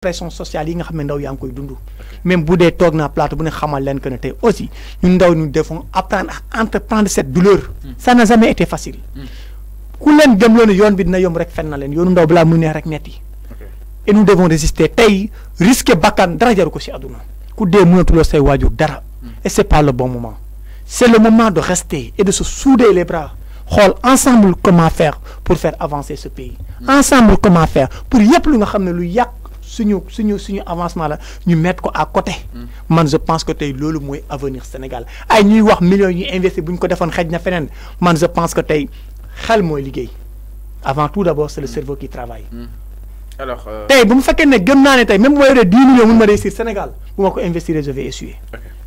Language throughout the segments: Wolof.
pression sociale yi nga xamné ndaw yang koy dund même boudé tok na naa plateau ne xamal len que ne aussi ñun ndaw ñu apprendre à entreprendre cette douleur ça n'a jamais été facile ku leen gëm une yoon bi dina yom rek fenn na len yoonu ndaw bla mu neex rek netti et nous devons résister tay risquer bakkan dara jaru ko si àdduna ku dee mënatuloo say waajur dara et c'est pas le bon moment c'est le moment de rester et de se souder les bras xol ensemble comment faire pour faire avancer ce pays ensemble comment faire pour yëpp lu nga xamné lu yàq suñu suñu suñu avancement là ñu mettre à côté. Hmm. man je pense que le loolu mooy avenir Sénégal ay ñuy wax millions ñuy investir bu faire ko defoon je pense que tey xel ou liggéey avant tout d'abord c'est le hmm. cerveau qui travaille. Hmm. alors euh, tey bu mu fekkee ne gëm naa même bu ma 10 millions de ma réussir Sénégal vous ma investir je vais essuyer.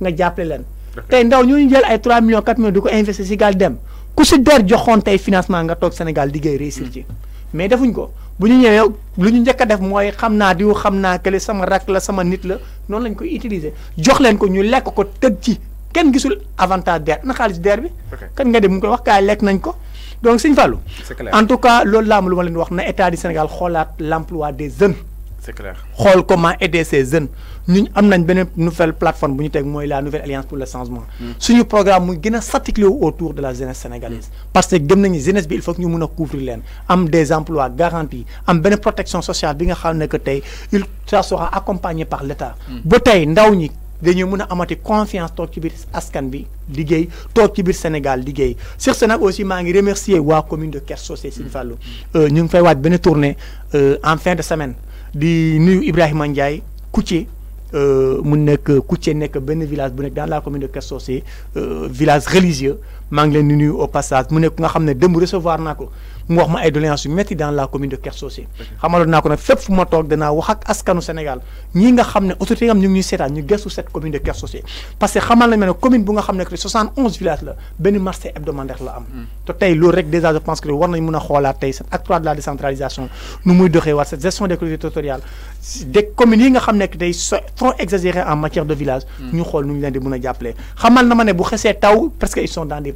nga jàppale leen. tey ndaw ñu ñu jël ay 3 millions 4 millions di ko investir si gaal dem ku si der joxoon tey financement nga toog Sénégal liggéey réussir hmm. ci. mais defuñ ko bu ñu ñëwee lu ñu njëkk def mooy xam naa diw xam naa kële sama rak la sama nit la noonu lañ ko utiliser jox leen ko ñu lekk ko tëj ci kenn gisul avantage der na xaalis der bi. kan nga dem mu ngi wax gaa lekk nañ ko. donc Sëñ Fallou en tout cas loolu laa am lu ma leen wax na état du Sénégal xoolaat l' des jeunes. c'est clair comment aider ces jeunes nous am une nouvelle plateforme bu ñu teg la nouvelle alliance pour le changement. Hmm. suñu programme mu gën s'articuler autour de la jeunesse sénégalaise. Hmm. parce que gëm nañu jeunesse bi il faut que nous nous couvrir leen am des emplois garantis am benn protection sociale bi nga xam ne que il sera accompagné par l'État. Hmm. ba tey ndaw ñi. dañuy mën a amati confiance toog ci biir askan bi liggéey toog ci Sénégal liggéey sur ce aussi maa ngi remercier waa commune de Keur Socé Serigne Fallou euh, ñu ngi fay waaj benn tournée euh, en fin de semaine di nuyu Ibrahima Ndiaye Koutier euh, mu nek Koutier nek ben village bu dans la commune de Keur euh village religieux maa ngi nuyu au passage mu nek nga xam ne recevoir n'ako, mu wax ma ay doléances yu métti dans la commune de Kersosé xamaloon naa ko nag fépp fu ma toog wax ak askanu Sénégal ñi nga xam ne autorité yi nga ñu ngi ñu gëstu cette commune de Kersosé parce que xamal na ma commune bu nga xam que 71 villages la benn marché hebdomadaire la am to hmm. tay loolu rek déjà je pense que war nañ mëna a tay tey cet acte de la décentralisation nu muy doxee war cette gestion des collectivités territoriales des communes yi nga xam ne que tey trop exagéré en matière de village hmm. ñu xol nu ñu leen di mëna a xamal na ma bu xessé taw presque ils sont dans des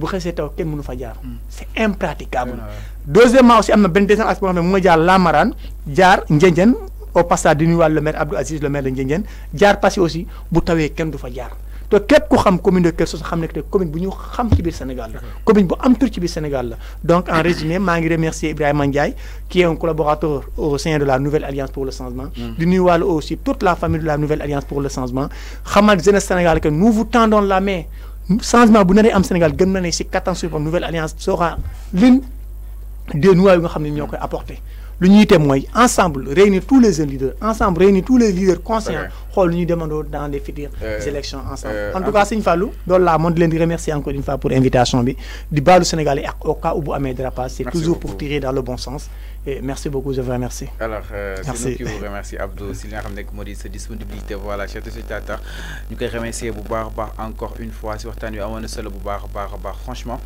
bu taw kenn mënu fa jaar hmm. c'est impraticable deuxièmement aussi y a un deuxième aspect boo xam ne mu nga jaar Lamarane au passage de nuyuwaat le maire Abdou Aziz le maire de Ndiédiène jaar passé aussi bu tawee kenn du fa jaar te képp ku xam commune de Kër Sousa xam ne que commune bu ñu xam ci Sénégal la commune bu am au Sénégal donc en résumé je remercie Ibrahim Ibrahima Ndiaye qui est un collaborateur au sein de la Nouvelle Alliance pour le Changement hmm. de nuyuwaale aussi toute la famille de la Nouvelle Alliance pour le Changement xamal jeunesse Sénégal que nous vous tendons la main changement bu néré am Sénégal gën na né ci kattan suñu nouvelle alliance sera l'une des noix yu nga xamni ne apporter L'unité, moyenne, ensemble, réunir tous les leaders, ensemble, réunir tous les leaders conscients, nous demandons dans les futures élections ensemble. en tout cas, c'est une fois, dans la monde, je remercie encore une fois pour l'invitation. Du bas, Sénégal et au cas où vous avez c'est toujours pour tirer dans le bon sens. Et merci beaucoup, je vous remercie. Alors, euh, c'est nous qui vous remercie, Abdou. Sylvain, Ramnek, Maurice, sa disponibilité, voilà, chers téléspectateurs, nous vous remercions encore une fois. Si avons avez seul franchement,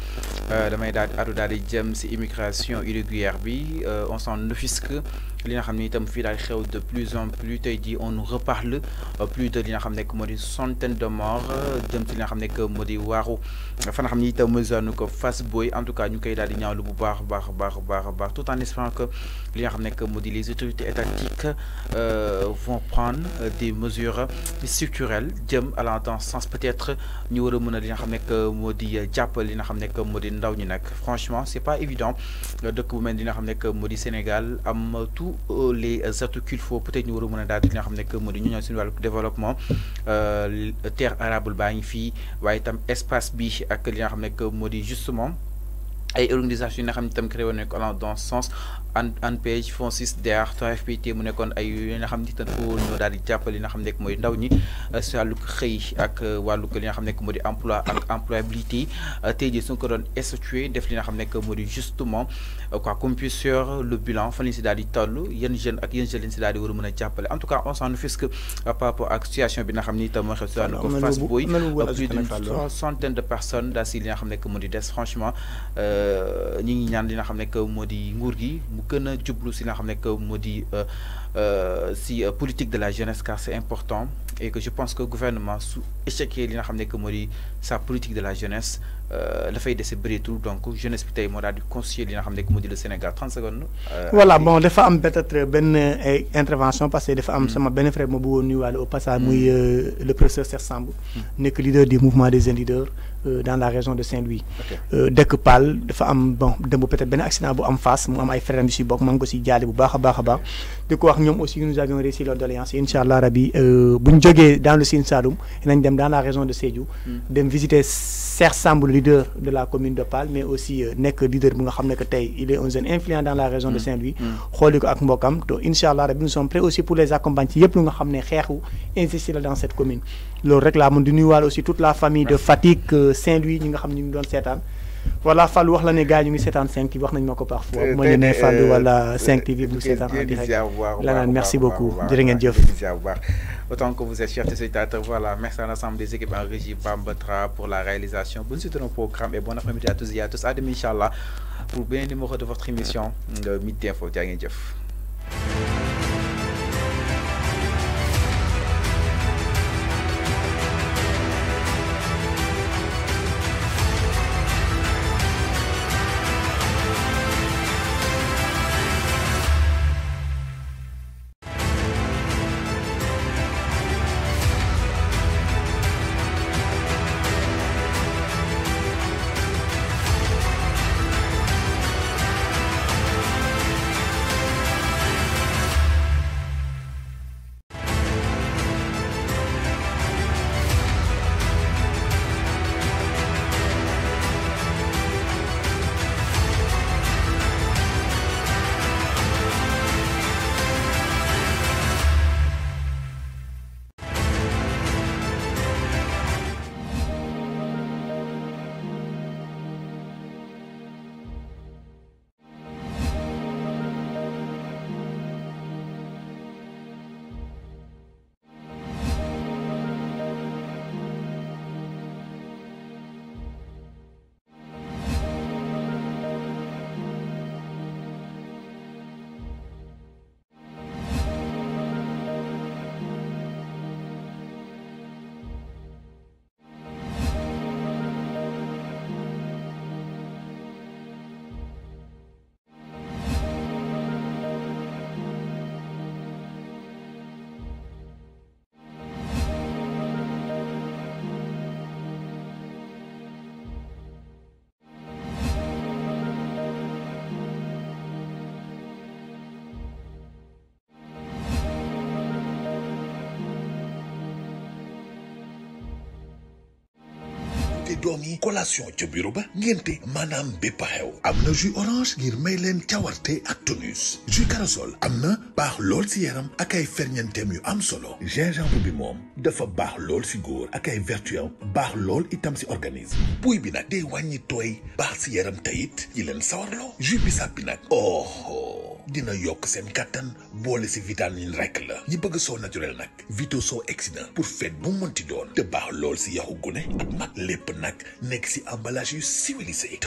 euh, immigration mandat immigration irrégulière, on s'en puisque li nga xam ne itam fii xew de plus en plus tey jii on nous reparle euh, plus de li nga xam nekk centaine de morts euh, jëm ci li nga xam nekk moo di waaru fa nga xam ne itam ko Fass Boye en tout cas ñu koy daal di ñaawlu bu baax baax baax baax baax tout en espérant que li nga xam nekk les autorités étatiques euh, vont prendre des mesures structurelles jëm allant dans sens peut-être ñu war a mën a li nga xam Modi moo li nga xam nekk ndaw ñi nag franchement c'est pas évident dëkk bu mel ni li nga Sénégal am tout euh, les atouts qu'il faut peut-être nous war à que développement euh, terre arable bain fille espace biche ak que justement ay organisation yi nga xam ne itam créé woon nañ ko dans ce sens ANPEJ FONSIS DER 3FPT mu nekkoon ay yi nga xam ne itam foo ñoo daal di jàppale li nga xam ne mooy ndaw ñi euh, si wàllu xëy ak euh, wàllu li nga xam ne moo di emploi ak employabilité euh, tey jii su ko doon institué def li nga xam ne moo di justement quoi comme le bilan fan la ñu si daal di toll yenn jeunes ak yenn jeunes lañ si daal di war a mën a jàppale en tout cas on s'en fiche par rapport ak situation bi nga xam ne itam moo xew si wàllu ko Fass Boye plus d'une soixantaine de personnes daal si li nga xam ne moo di des franchement ñi ngi ñaan li nga xam que nous di nguur gi mu gën a jublu nga que euh, euh, si euh, politique de la jeunesse car c'est important et que je pense que le gouvernement sous échecé li nga xam que sa politique de la jeunesse euh, dafay dese tout donc jeunesse bi tey moo daal di conseiller li nga xam ne di le Sénégal 30 secondes. Euh, voilà bon dafa am peut être benn euh, intervention parce que dafa am hmm. sama benn frère ma bëggoon nuyuwaale au passage hmm. muy le professeur Sambou n'est que leader du mouvement des jeunes leaders dans la région de Saint-Louis. que pal dafa am bon démb peut être ben accident bu am face mu am ay frères yu si bokk maa ko de quoi bu baax wax ñom aussi nous avons réussi leur doléance inshallah rabbi euh, buñ joggé dans le Sine Saloum nañ dem dans la région de Sédhiou. Hmm. dem visiter certes semble leader de la commune de Pal mais aussi euh, nek leader de nga commune de que il est un jeune influent dans la région de mm. Saint-Louis mm. xooli ko ak mbokam to inshallah, nous sommes prêts aussi pour les accompagner ci yëpp lu nga xam ne dans cette commune Nous rek du mun aussi toute la famille de Fatik, euh, Saint-Louis ñi nga xam cette ñu doon voilà Fall wax la ne gars 75, ngi wax moi parfois il 5 TV bu 75. en direct merci beaucoup Autant que vous êtes chef de voilà, merci à l'ensemble des équipes en régie Bambatra pour la réalisation. Bonne suite de nos programmes et bon après-midi à tous et à tous. demain, Inch'Allah, pour bien numéro de votre émission, le Midi Info. ay doom collation ca bureau ba ngénte maanaam bépp xew jus orange ngir may leen cawarte ak tonus jus carosol, am na baax lool si yaram ak ay ferñeenteem yu am solo gingembre bi moom dafa baax lool si góor ak ay vertu baax lool itam si organisme buy bi nag day wàññi tooy baax si yaram tayit yi leen sawarloo jus oh, oh. dina yok sen katan bolé ci vitamine rek la ñi bëgg so naturel nak vito so exina pour fête bu monti doon te bax lool ci yahu gune ak mat lepp nak nek ci emballage yu civilisé